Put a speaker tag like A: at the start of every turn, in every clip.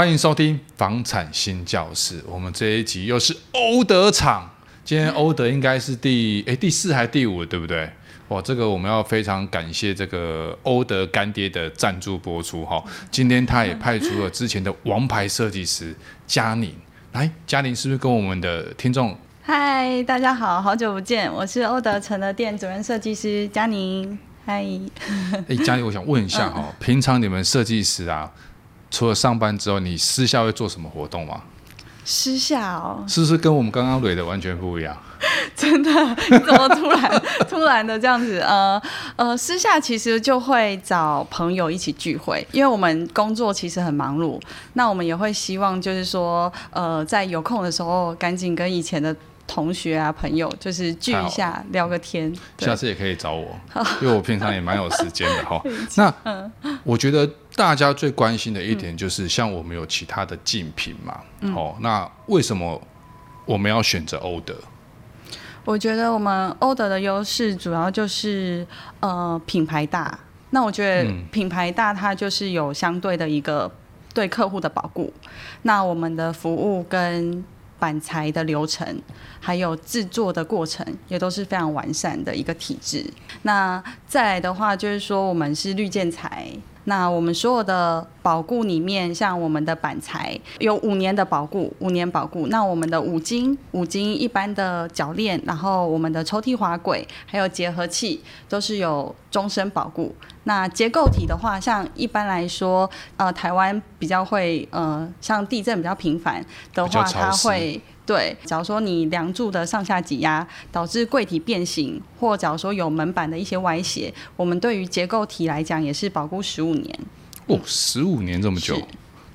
A: 歡迎收聽房產星叫室，我們這一集又是歐德場，今天歐德應該是第哎第四還是第五，對不對？哇，這個我們要非常感謝這個歐德乾爹的贊助播出哈。今天他也派出了之前的王牌設計師家寧來，家寧是不是跟我們的聽眾？
B: 嗨，大家好，好久不見，我是歐德城的店主任設計師家寧，嗨。
A: 哎，家寧，我想問一下哈，平常你們設計師啊？除了上班之後，你私下會做什麼活動嗎？
B: 私下哦，是不
A: 是跟我們剛剛聊的完全不一樣？
B: 真的，你怎麼突然 突然的這樣子？呃呃，私下其實就會找朋友一起聚會，因為我們工作其實很忙碌，那我們也會希望就是說，呃，在有空的時候，趕緊跟以前的同學啊、朋友，就是聚一下，聊個天。好對下次
A: 也可以找我，好因為我平常也蠻有時間的哈、 哦。那 我覺得。大家最關心的一點就是，像我們有其他的競品嘛？嗯、哦，那為什麼我們要選擇歐德？
B: 我覺得我們歐德的優勢主要就是，呃，品牌大。那我覺得品牌大，它就是有相對的一個對客戶的保護。嗯、那我們的服務跟板材的流程，還有製作的過程，也都是非常完善的一個體制。那再來的話，就是說我們是綠建材。那我們所有的保固裡面，像我們的板材有五年的保固，五年保固。那我們的五金、五金一般的鉸鏈，然後我們的抽屜滑軌，還有結合器都是有終身保固。那結構體的話，像一般來說，呃，台灣比較會，呃，像地震比較頻繁的話，它會。對，假如說你樑柱的上下擠壓導致櫃體變形，或假如說有門板的一些歪斜，我們對於結構體來講也是保固
A: 十五年。哦，十五年這麼久，是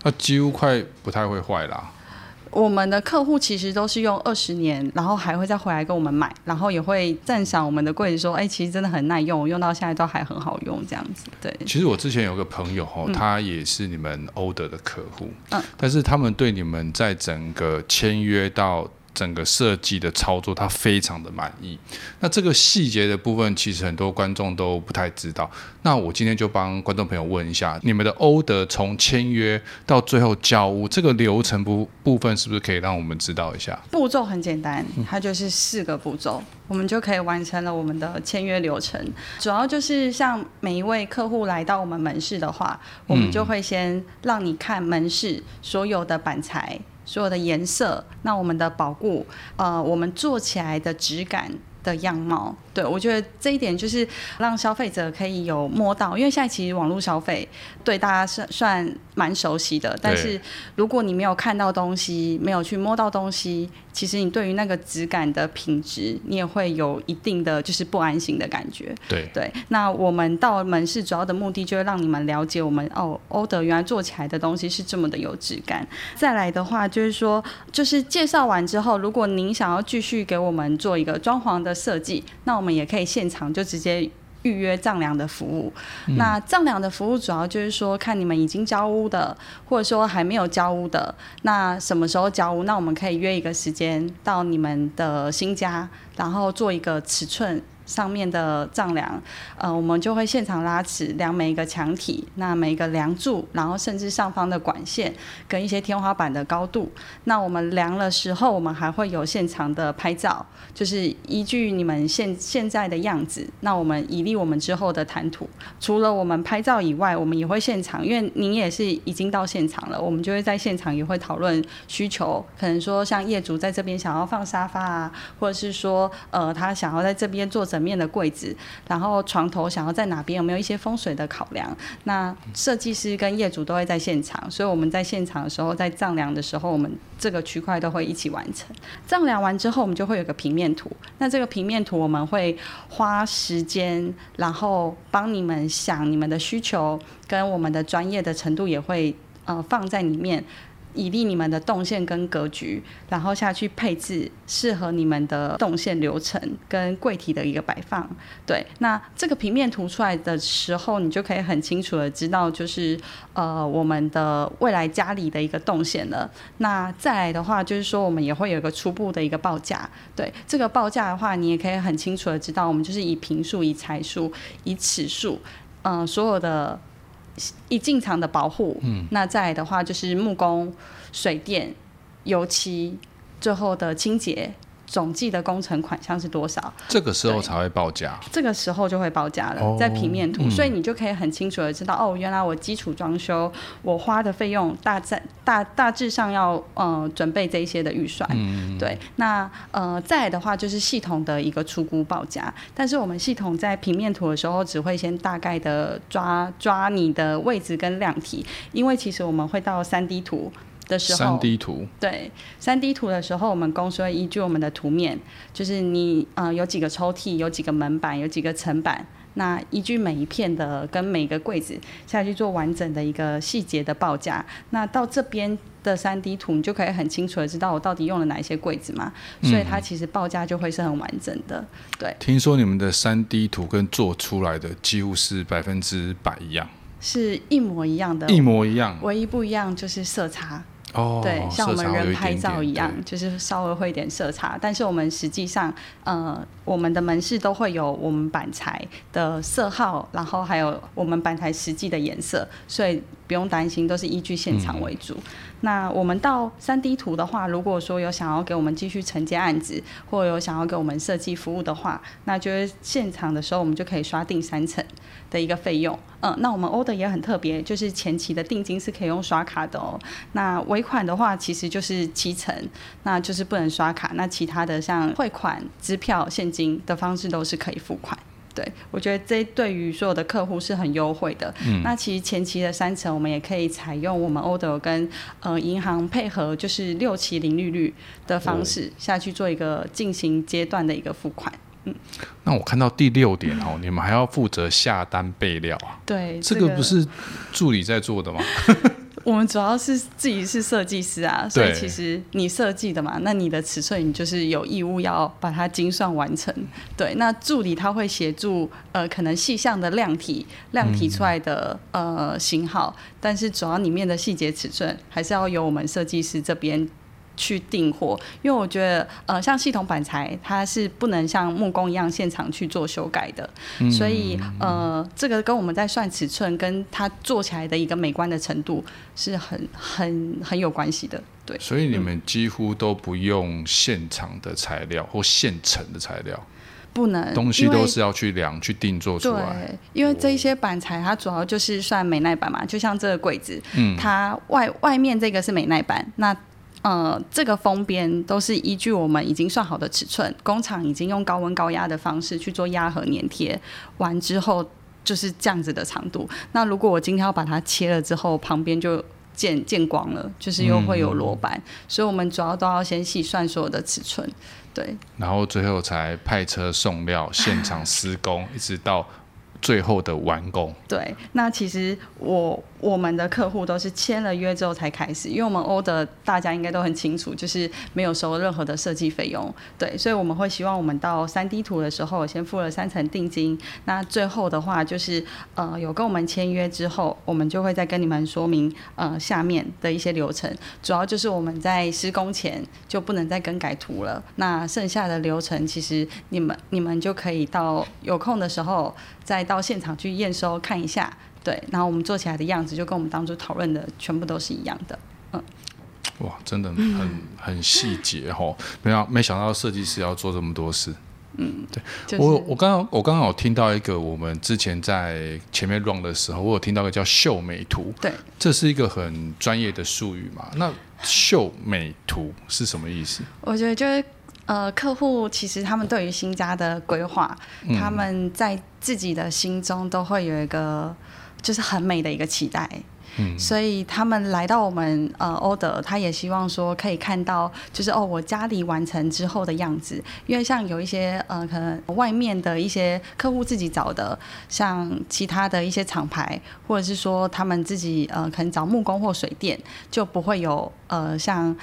A: 那幾乎快不太會壞啦。
B: 我們的客戶其實都是用二十年，然後還會再回來跟我們買，然後也會讚賞我們的櫃子，說：“哎，其實真的很耐用，用到現在都還很好用。”這樣子。對。
A: 其實我之前有個朋友哈、哦，嗯。他也是你們歐德的客戶。嗯。但是他們對你們在整個簽約到。整個設計的操作，他非常的滿意。那這個細節的部分，其實很多觀眾都不太知道。那我今天就幫觀眾朋友問一下，你們的歐德從簽約到最後交屋這個流程部部分，是不是可以讓我們知道一下？
B: 步驟很簡單，它就是四個步驟，嗯、我們就可以完成了我們的簽約流程。主要就是像每一位客戶來到我們門市的話，
A: 嗯、我們就會
B: 先讓你看門市所有的板材。所有的顏色，那我們的保固，呃，我們做起來的質感的樣貌。對我覺得這一點就是讓消費者可以有摸到，因為現在其實網絡消費對大家算算蠻熟悉的，但是如果你沒有看到東西，對沒有去摸到東西。其實你對於那個質感的品質，你也會有一定的就是不安心的感覺。對對，那我們到門市主要的目的就是讓你們了解我們哦，歐德原來做起來的東西是這麼的有質感。再來的話就是說，就是介紹完之後，如果您想要繼續給我們做一個裝潢的設計，那我們也可以現場就直接。預約丈量的服務，那丈量的服務主要就是說，看你們已經交屋的，或者說還沒有交屋的，那什麼時候交屋，那我們可以約一個時間到你們的新家，然後做一個尺寸。上面的丈量，呃，我們就會現場拉尺量每一個牆體，那每一個梁柱，然後甚至上方的管線跟一些天花板的高度。那我們量了時候，我們還會有現場的拍照，就是依據你們現現在的樣子，那我們以利我們之後的談吐。除了我們拍照以外，我們也會現場，因為您也是已經到現場了，我們就會在現場也會討論需求，可能說像業主在這邊想要放沙發啊，或者是說呃他想要在這邊做。整面的櫃子，然後床頭想要在哪邊，有沒有一些風水的考量？那設計師跟業主都會在現場，所以我們在現場的時候，在丈量的時候，我們這個區塊都會一起完成。丈量完之後，我們就會有個平面圖。那這個平面圖，我們會花時間，然後幫你們想你們的需求，跟我們的專業的程度也會呃，放在裡面。以利你們的動線跟格局，然後下去配置適合你們的動線流程跟櫃體的一個擺放。對，那這個平面圖出來的時候，你就可以很清楚的知道，就是呃我們的未來家裡的一個動線了。那再來的話，就是說我們也會有一個初步的一個報價。對，這個報價的話，你也可以很清楚的知道，我們就是以平數、以材數、以尺數，嗯、呃，所有的。一進場的保護，嗯，那再來的話就是木工、水電、油漆，最後的清潔，總計的工程款項是多少？
A: 這個時候才會報價。
B: 這個時候就會報價了，oh, 在平面圖，嗯、所以你就可以很清楚的知道，哦，原來我基礎裝修我花的費用，大在大大致上要呃準備這一些的預算。嗯、對，那呃再來的話就是系統的一個初估報價，但是我們系統在平面圖的時候只會先大概的抓抓你的位置跟量體，因為其實我們會到三 D 圖。三 D 圖，對，三 D 圖的時候，我們公司會依據我們的圖面，就是你嗯、呃、有幾個抽屜，有幾個門板，有幾個層板，那依據每一片的跟每一個櫃子下去做完整的一個細節的報價，那到這邊的三 D 圖，你就可以很清楚的知道我到底用了哪一些櫃子嘛，所以它其實報價就會是很完整的。嗯、對，
A: 聽說你們的三 D 圖跟做出來的幾乎是百分之百一樣，
B: 是一模一樣的，一模一樣，唯一不一樣就是色差。
A: 哦，對，像我們人拍照一
B: 樣，一點點就是稍微會一點色差，但是我們實際上，呃，我們的門市都會有我們板材的色號，然後還有我們板材實際的顏色，所以不用擔心，都是依據現場為主。嗯。那我們到 3D 圖的話，如果說有想要給我們繼續承接案子，或者有想要給我們設計服務的話，那就是現場的時候我們就可以刷定三成的一個費用。嗯，那我們 Order 也很特別，就是前期的定金是可以用刷卡的哦。那尾款的話其實就是七成，那就是不能刷卡。那其他的像匯款、支票、現金的方式都是可以付款。對，我覺得這對於所有的客戶是很優惠的。嗯、那其實前期的三成我們也可以採用我們歐德跟呃銀行配合，就是六期零利率的方式下去做一個進行階段的一個付款。哦、
A: 嗯，那我看到第六點哦，你們還要負責下單備料啊？
B: 對，這個,這個不是
A: 助理在做的嗎？
B: 我們主要是自己是設計師啊，所以其實你設計的嘛，對那你的尺寸你就是有義務要把它精算完成。對，那助理他會協助呃，可能細項的量體量體出來的、嗯、呃型號，但是主要裡面的細節尺寸還是要由我們設計師這邊。去訂貨，因為我覺得，呃，像系統板材，它是不能像木工一樣現場去做修改的，嗯、所以，呃，嗯、這個跟我們在算尺寸，跟它做起來的一個美觀的程度，是很很很有關係的，
A: 對。所以你們幾乎都不用現場的材料或現成的材料，
B: 不能東西都是
A: 要去量為去定做出來，
B: 因為這一些板材它主要就是算美耐板嘛，哦、就像這個櫃子，嗯，它外外面這個是美耐板，那。呃、嗯，這個封邊都是依據我們已經算好的尺寸，工廠已經用高溫高壓的方式去做壓合粘貼，完之後就是這樣子的長度。那如果我今天要把它切了之後，旁邊就見見光了，就是又會有裸板，嗯、所以我們主要都要先細算所有的尺寸，對。
A: 然後最後才派車送料，現場施工， 一直到。最後的完工。
B: 對，那其實我我們的客戶都是簽了約之後才開始，因為我們歐德大家應該都很清楚，就是沒有收任何的設計費用。對，所以我們會希望我們到 3D 圖的時候先付了三層定金。那最後的話就是，呃，有跟我們簽約之後，我們就會再跟你們說明，呃，下面的一些流程。主要就是我們在施工前就不能再更改圖了。那剩下的流程，其實你們你們就可以到有空的時候再到。到現場去驗收看一下，對，然後我們做起來的樣子就跟我們當初討論的全部都是一樣的，
A: 嗯。哇，真的很、嗯、很細節齁，沒想沒想到設計師要做這麼多事，嗯，對、就是、我我剛剛我剛剛有聽到一個我們之前在前面 run 的時候，我有聽到一個叫秀美圖，對，這是一個很專業的術語嘛，那秀美圖是什麼意思？
B: 我覺得就是。呃，客戶其實他們對於新家的規劃，嗯、他們在自己的心中都會有一個就是很美的一個期待，嗯、所以他們來到我們呃歐德，Order，他也希望說可以看到就是哦我家裡完成之後的樣子，因為像有一些呃可能外面的一些客戶自己找的，像其他的一些廠牌或者是說他們自己呃可能找木工或水電，就不會有呃像。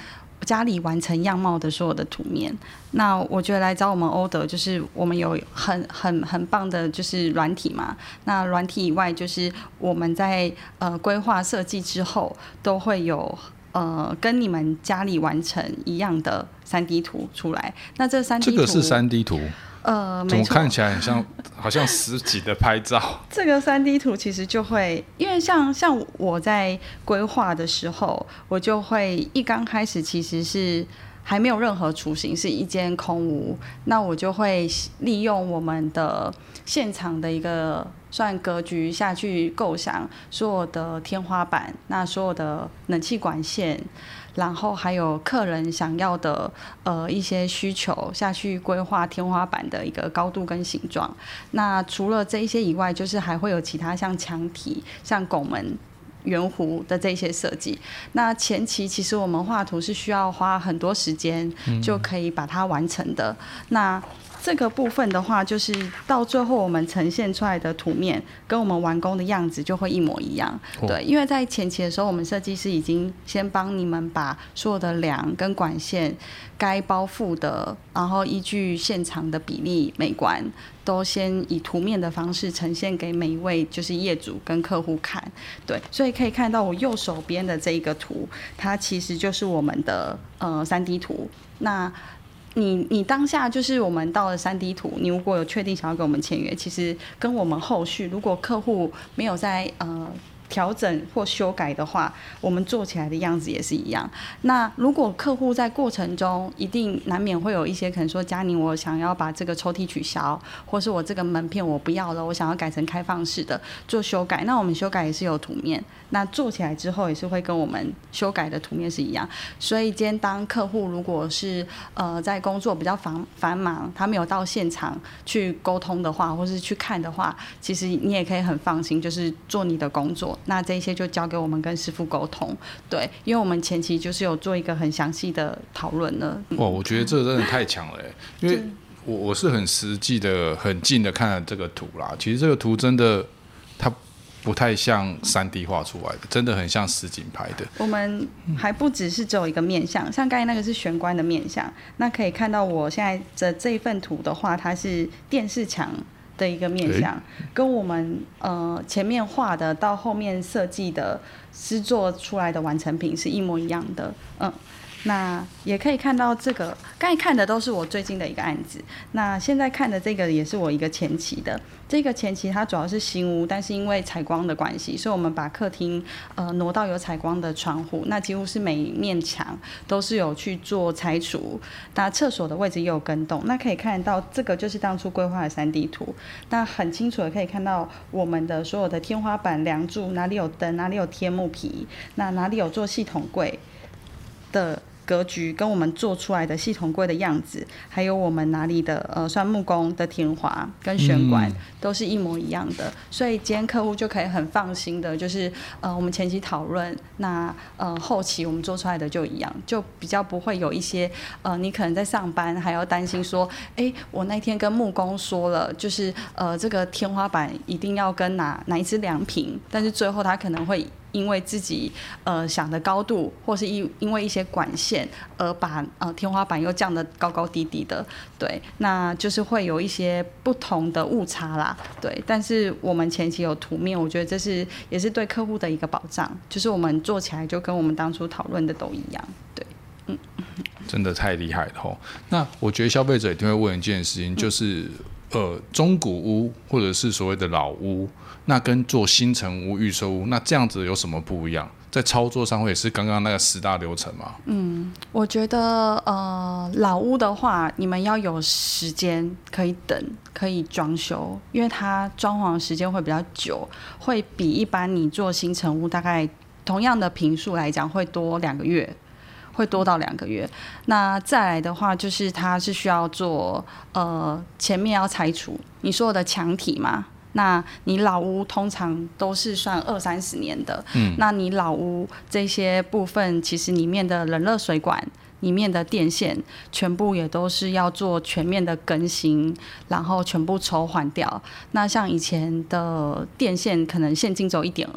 B: 家裡完成樣貌的所有的圖面，那我覺得來找我們歐德，就是我們有很很很棒的，就是軟體嘛。那軟體以外，就是我們在呃規劃設計之後，都會有呃跟你們家裡完成一樣的三 D 圖出來。那這三 D 圖這個是三 D 圖。呃，怎麼看起來
A: 很像， 好像實景的拍照，
B: 這個 3D 圖其實就會，因為像像我在規劃的時候，我就會一剛開始其實是還沒有任何雛形，是一間空屋，那我就會利用我們的現場的一個算格局下去構想所有的天花板，那所有的冷氣管線。然後還有客人想要的呃，一些需求下去規劃天花板的一個高度跟形狀。那除了這一些以外，就是還會有其他像牆體、像拱門、圓弧的這些設計。那前期其實我們畫圖是需要花很多時間就可以把它完成的。嗯、那這個部分的話，就是到最後我們呈現出來的圖面跟我們完工的樣子就會一模一樣。對，因為在前期的時候，我們設計師已經先幫你們把所有的樑跟管線該包覆的，然後依據現場的比例美觀，都先以圖面的方式呈現給每一位就是業主跟客戶看。對，所以可以看到我右手邊的這一個圖，它其實就是我們的呃三 D 圖。那你你當下就是我們到了 3D 圖，你如果有確定想要跟我們簽約，其實跟我們後續，如果客戶沒有在呃、調整或修改的話，我們做起來的樣子也是一樣。那如果客戶在過程中，一定難免會有一些可能說，家寧，我想要把這個抽屜取消，或是我這個門片我不要了，我想要改成開放式的做修改。那我們修改也是有圖面，那做起來之後也是會跟我們修改的圖面是一樣。所以今天當客戶如果是呃在工作比較繁繁忙，他沒有到現場去溝通的話，或是去看的話，其實你也可以很放心，就是做你的工作。那這些就交給我們跟師傅溝通，對，因為我們前期就是有做一個很詳細的討論了。
A: 嗯、哇，我覺得這個真的太強了、欸，因為我我是很實際的、很近的看了這個圖啦。其實這個圖真的，它不太像三 D 畫出來的，真的很像實景拍的。
B: 我們還不只是只有一個面向，嗯、像剛才那個是玄關的面向，那可以看到我現在的這一份圖的話，它是電視牆。的一個面相，欸、跟我們呃前面畫的到後面設計的製作出來的完成品是一模一樣的，嗯。那也可以看到這個，剛才看的都是我最近的一個案子。那現在看的這個也是我一個前期的。這個前期它主要是新屋，但是因為採光的關係，所以我們把客廳呃挪到有採光的窗戶。那幾乎是每面牆都是有去做拆除，那廁所的位置也有更動。那可以看到這個就是當初規劃的 3D 圖。那很清楚的可以看到我們的所有的天花板梁柱哪裡有燈，哪裡有貼木皮，那哪裡有做系統櫃的。格局跟我們做出來的系統櫃的樣子，還有我們哪裡的呃，算木工的天花跟玄關、嗯、都是一模一樣的，所以今天客戶就可以很放心的，就是呃，我們前期討論，那呃，後期我們做出來的就一樣，就比較不會有一些呃，你可能在上班還要擔心說，哎、欸，我那天跟木工說了，就是呃，這個天花板一定要跟哪哪一支樑平，但是最後他可能會。因為自己呃想的高度，或是因因為一些管線而把呃天花板又降得高高低低的，對，那就是會有一些不同的誤差啦，對。但是我們前期有圖面，我覺得這是也是對客戶的一個保障，就是我們做起來就跟我們當初討論的都一樣，對，
A: 嗯。真的太厲害了吼！那我覺得消費者一定會問一件事情，就是。嗯呃，中古屋或者是所謂的老屋，那跟做新成屋預售屋，那這樣子有什麼不一樣？在操作上會是剛剛那個十大流程嗎？嗯，
B: 我覺得呃，老屋的話，你們要有時間可以等，可以裝修，因為它裝潢時間會比較久，會比一般你做新成屋大概同樣的坪數來講，會多兩個月。會多到兩個月，那再來的話就是它是需要做呃，前面要拆除你所有的牆體嘛。那你老屋通常都是算二三十年的，嗯，那你老屋這些部分其實裡面的冷熱水管，裡面的電線全部也都是要做全面的更新，然後全部抽換掉。那像以前的電線，可能線徑只有1.2，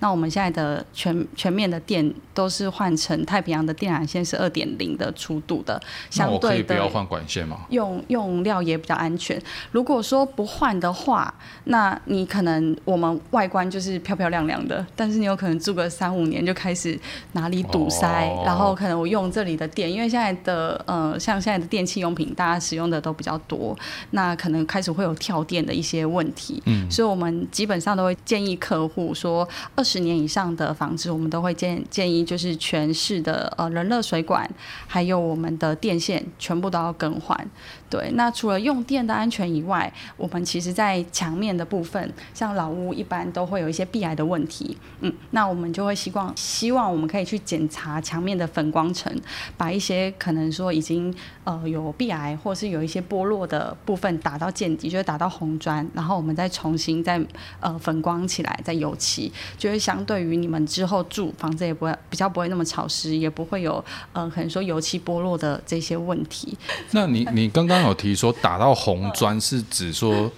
B: 那我們現在的全全面的電都是換成太平洋的電纜線，是2.0的粗度的。相對我可以不要換管線嗎？對對，用用料也比較安全。如果說不換的話，那你可能我們外觀就是漂漂亮亮的，但是你有可能住個三五年就開始哪裡堵塞，oh. 然後可能我用這裡的電。因為現在的呃，像現在的電器用品，大家使用的都比較多，那可能開始會有跳電的一些問題。嗯，所以我們基本上都會建議客戶說，二十年以上的房子，我們都會建建議就是全室的呃冷熱水管，還有我們的電線全部都要更換。對，那除了用電的安全以外，我們其實在牆面的部分，像老屋一般都會有一些壁癌的問題。嗯，那我們就會希望希望我們可以去檢查牆面的粉光層，把一些可能說已經呃有壁癌，或是有一些剝落的部分打到見底，就會打到紅磚，然後我們再重新再呃粉光起來，再油漆，就會相對於你們之後住房子也不會比較不會那麼潮濕，也不會有呃可能說油漆剝落的這些問題。
A: 那你 你剛剛有提說打到紅磚是指說、嗯、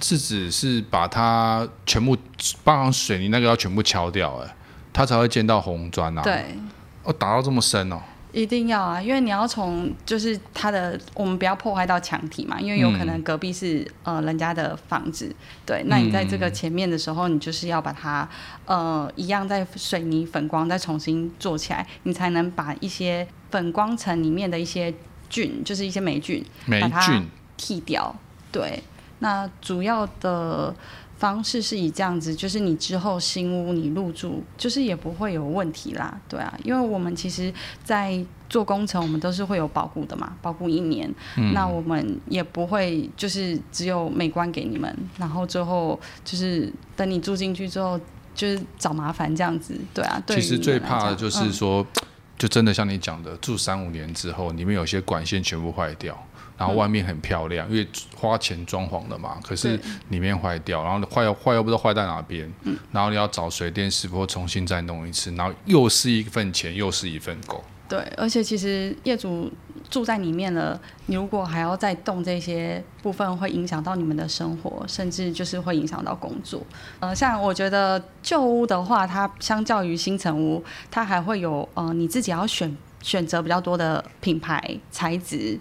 A: 是指是把它全部包含水泥那個要全部敲掉，哎，它才會見到紅磚啊？對。哦，打到這麼深哦。
B: 一定要啊，因為你要從就是它的，我們不要破壞到牆體嘛，因為有可能隔壁是、嗯、呃人家的房子，對，那你在這個前面的時候，嗯、你就是要把它呃一樣在水泥粉光再重新做起來，你才能把一些粉光層裡面的一些菌，就是一些黴菌，把它剔掉。對，那主要的。方式是以這樣子，就是你之後新屋你入住，就是也不會有問題啦，對啊，因為我們其實在做工程，我們都是會有保護的嘛，保護一年，嗯、那我們也不會就是只有美觀給你們，然後最後就是等你住進去之後就是找麻煩這樣子，對啊，對。其實最怕的就是說，
A: 嗯、就真的像你講的，住三五年之後，裡面有些管線全部壞掉。然後外面很漂亮，嗯、因為花錢裝潢了嘛。可是裡面壞掉，對然後壞壞又不知道壞在哪邊。嗯、然後你要找水電師傅重新再弄一次，然後又是一份錢，又是一份工。
B: 對，而且其實業主住在裡面了，你如果還要再動這些部分，會影響到你們的生活，甚至就是會影響到工作。呃，像我覺得舊屋的話，它相較於新成屋，它還會有呃你自己要選選擇比較多的品牌材質。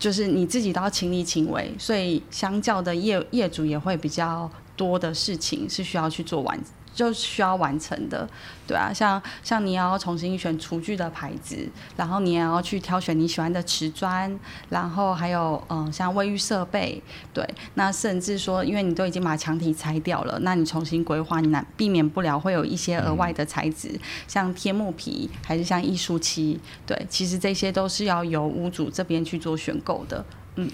B: 就是你自己都要親力親為，所以相較的業業主也會比較多的事情是需要去做完。就需要完成的，對啊，像像你要重新選廚具的牌子，然後你也要去挑選你喜歡的瓷磚，然後還有嗯，像衛浴設備，對，那甚至說，因為你都已經把牆體拆掉了，那你重新規劃，你難避免不了會有一些額外的材質，嗯、像貼木皮還是像藝術漆，對，其實這些都是要由屋主這邊去做選購的，嗯。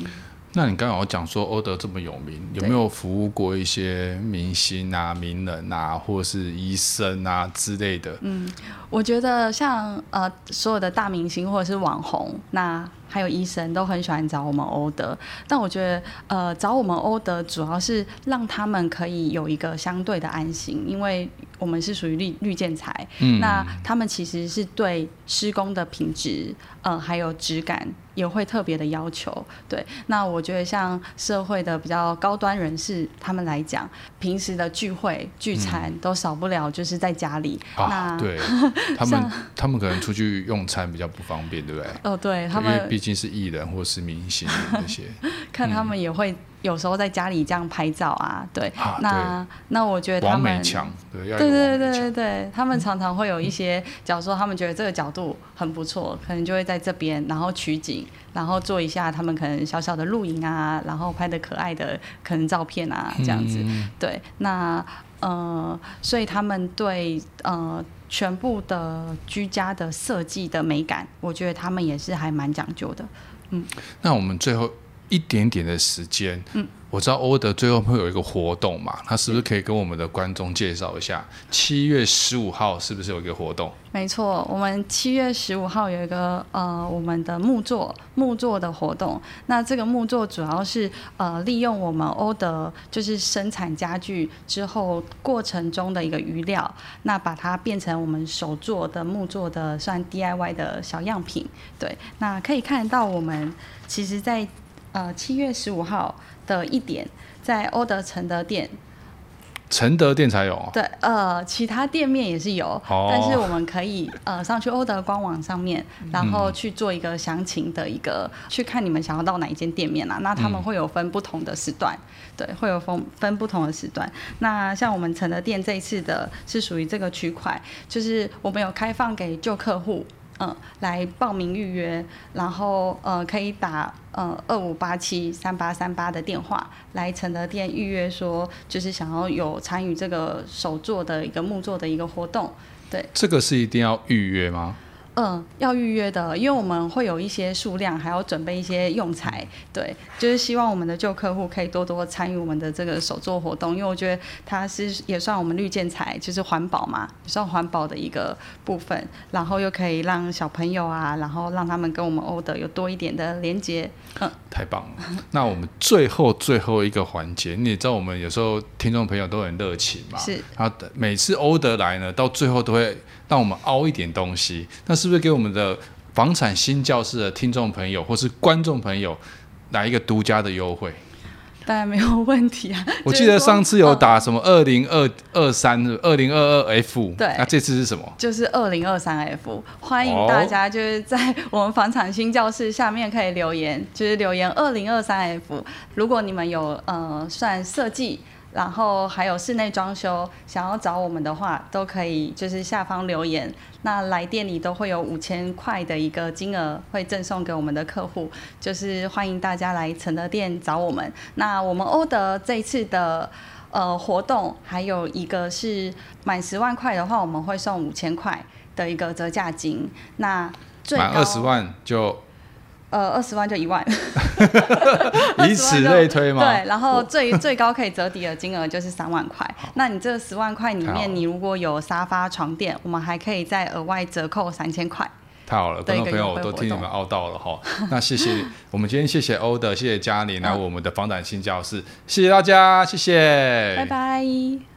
A: 那你剛剛講說歐德這麼有名，有沒有服務過一些明星啊、對名人啊，或者是醫生啊之類的？嗯，
B: 我覺得像呃所有的大明星或者是網紅，那還有醫生都很喜歡找我們歐德。但我覺得呃找我們歐德主要是讓他們可以有一個相對的安心，因為我們是屬於綠綠建材。嗯，那他們其實是對施工的品質。嗯，還有質感也會特別的要求。對，那我覺得像社會的比較高端人士，他們來講，平時的聚會聚餐，嗯、都少不了，就是在家裡。啊，那對他們，
A: 像他們可能出去用餐比較不方便，對不對？哦，對，對他們，因為畢竟是藝人或是明星那些，
B: 看他們也會。嗯有時候在家裡這樣拍照啊，對，啊、那對那我覺得，網美牆，對，對對對，他們常常會有一些，嗯、假如說他們覺得這個角度很不錯，嗯、可能就會在這邊，然後取景，然後做一下他們可能小小的露營啊，然後拍的可愛的可能照片啊，嗯、這樣子，對，那呃，所以他們對呃全部的居家的設計的美感，我覺得他們也是還蠻講究的，嗯，
A: 那我們最後。一點點的時間，嗯，我知道歐德最後會有一個活動嘛，他是不是可以跟我們的觀眾介紹一下？七月十五號是不是有一個活動？
B: 嗯、沒錯，我們七月十五號有一個呃我們的木作木作的活動。那這個木作主要是呃利用我們歐德就是生產家具之後過程中的一個餘料，那把它變成我們手做的木作的算 DIY 的小樣品。對，那可以看得到我們其實在。呃，七月十五號的一點，在歐德承德店，
A: 承德店才有。
B: 對，呃，其他店面也是有，哦，但是我們可以呃上去歐德官網上面，然後去做一個詳情的一個，嗯、去看你們想要到哪一間店面，啊、啦。那他們會有分不同的時段，嗯、對，會有分分不同的時段。那像我們承德店這一次的是屬於這個區塊，就是我們有開放給舊客戶。嗯，來報名預約，然後呃、嗯，可以打呃二五八七三八三八的電話來承德店預約，說就是想要有參與這個手作的一個木作的一個活動，對。
A: 這個是一定要預約嗎？
B: 嗯，要預約的，因為我們會有一些數量，還要準備一些用材。對，就是希望我們的舊客戶可以多多參與我們的這個手作活動，因為我覺得它是也算我們綠建材，就是環保嘛，也算環保的一個部分。然後又可以讓小朋友啊，然後讓他們跟我們歐德有多一點的連接。嗯，
A: 太棒了。那我們最後最後一個環節，你知道我們有時候聽眾朋友都很熱情嘛？是。然後每次歐德來呢，到最後都會。讓我們凹一點東西，那是不是給我們的房產星叫室的聽眾朋友或是觀眾朋友來一個獨家的優惠？
B: 當然沒有問題啊！就是、我記得上
A: 次有打什麼二零二二三二零二二 F，對，那這次是什麼？
B: 就是二零二三 F，歡迎大家就是在我們房產星叫室下面可以留言，就是留言二零二三 F，如果你們有呃算設計。然後還有室內裝修，想要找我們的話，都可以就是下方留言。那來店裡都會有五千塊的一個金額會贈送給我們的客戶，就是歡迎大家來承德店找我們。那我們歐德這次的呃活動，還有一個是滿十萬塊的話，我們會送五千塊的一個折價金。那最滿二十
A: 萬就，
B: 呃，二十萬就一萬， 萬
A: 就 以此類推嘛。對，然後最、哦、
B: 最高可以折抵的金額就是三萬塊。好那你這十萬塊裡面，好你如果有沙發、床墊，我們還可以再額外折扣三千塊。
A: 太好了，觀眾對朋友，我都聽你們嘮叨了哈。 哦、那謝謝，我們今天謝謝歐德，謝謝家寧來我們的房產星叫室，謝謝大家，謝謝，拜
B: 拜。